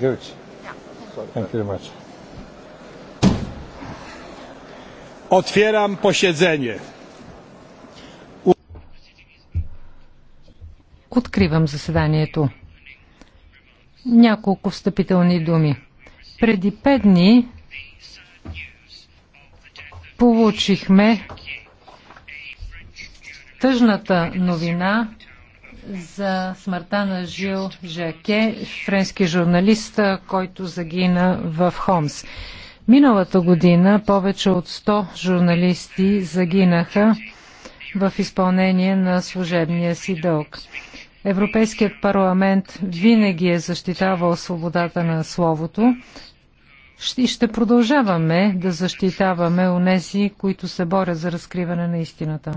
Good. Thank you very much. Otwieram posiedzenie. Откривам заседанието. Няколко встъпителни думи. Преди пет дни получихме тъжната новина за смъртта на Жил Жаке, френски журналист, който загина в Хомс. Миналата година повече от 100 журналисти загинаха в изпълнение на служебния си дълг. Европейският парламент винаги е защитавал свободата на словото и ще продължаваме да защитаваме онези, които се борят за разкриване на истината.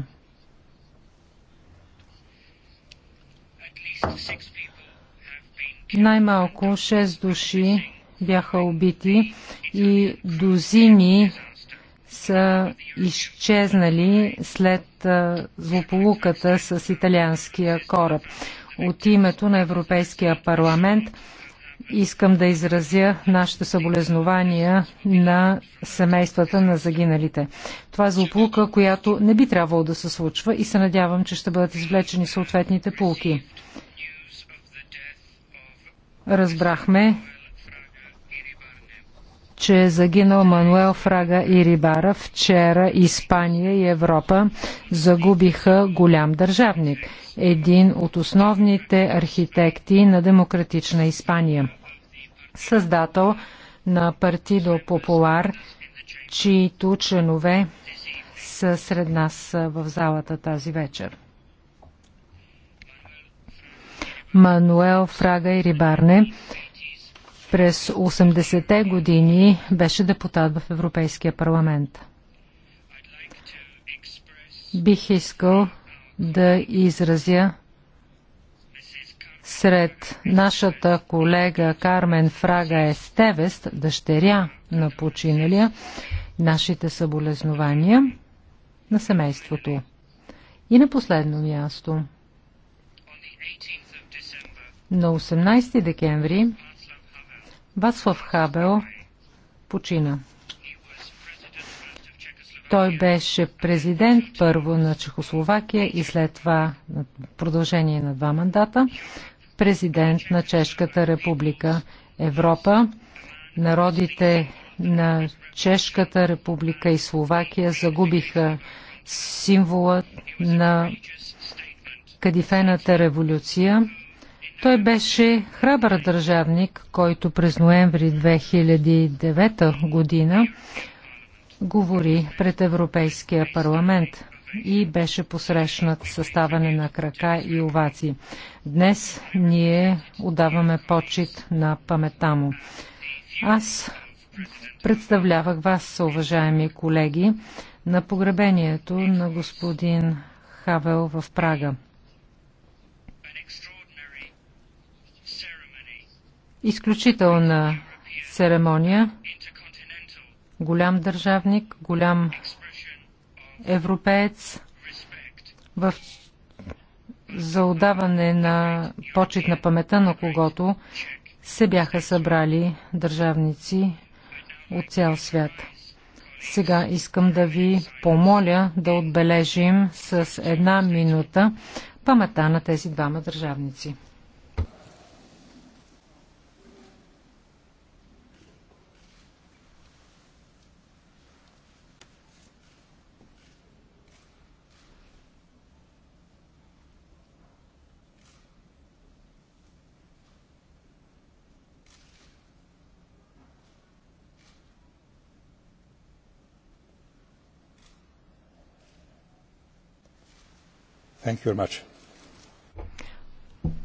Най-малко 6 души бяха убити и дозини са изчезнали след злополуката с италианския кораб. От името на Европейския парламент искам да изразя нашите съболезнования на семействата на загиналите. Това е злополука, която не би трябвало да се случва и се надявам, че ще бъдат извлечени съответните полки разбрахме, че е загинал Мануел Фрага и Рибара Вчера Испания и Европа загубиха голям държавник, един от основните архитекти на демократична Испания. Създател на Партидо Популар, чието членове са сред нас в залата тази вечер. Мануел Фрага и Рибарне. През 80-те години беше депутат в Европейския парламент. Бих искал да изразя сред нашата колега Кармен Фрага Естевест, дъщеря на починалия, нашите съболезнования на семейството. И на последно място. На 18 декември Васлав Хабел почина. Той беше президент първо на Чехословакия и след това на продължение на два мандата президент на Чешката република Европа. Народите на Чешката република и Словакия загубиха символа на кадифената революция той беше храбър държавник, който през ноември 2009 година говори пред Европейския парламент и беше посрещнат съставане на крака и овации. Днес ние отдаваме почет на памета му. Аз представлявах вас, уважаеми колеги, на погребението на господин Хавел в Прага. Изключителна церемония. Голям държавник, голям европеец в за отдаване на почет на памета на когото се бяха събрали държавници от цял свят. Сега искам да ви помоля да отбележим с една минута памета на тези двама държавници. Thank you very much.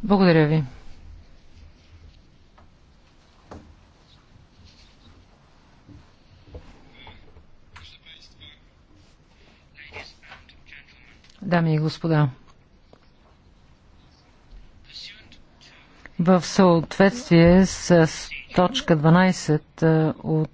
Благодаря ви. Дами и господа, в съответствие с точка 12 от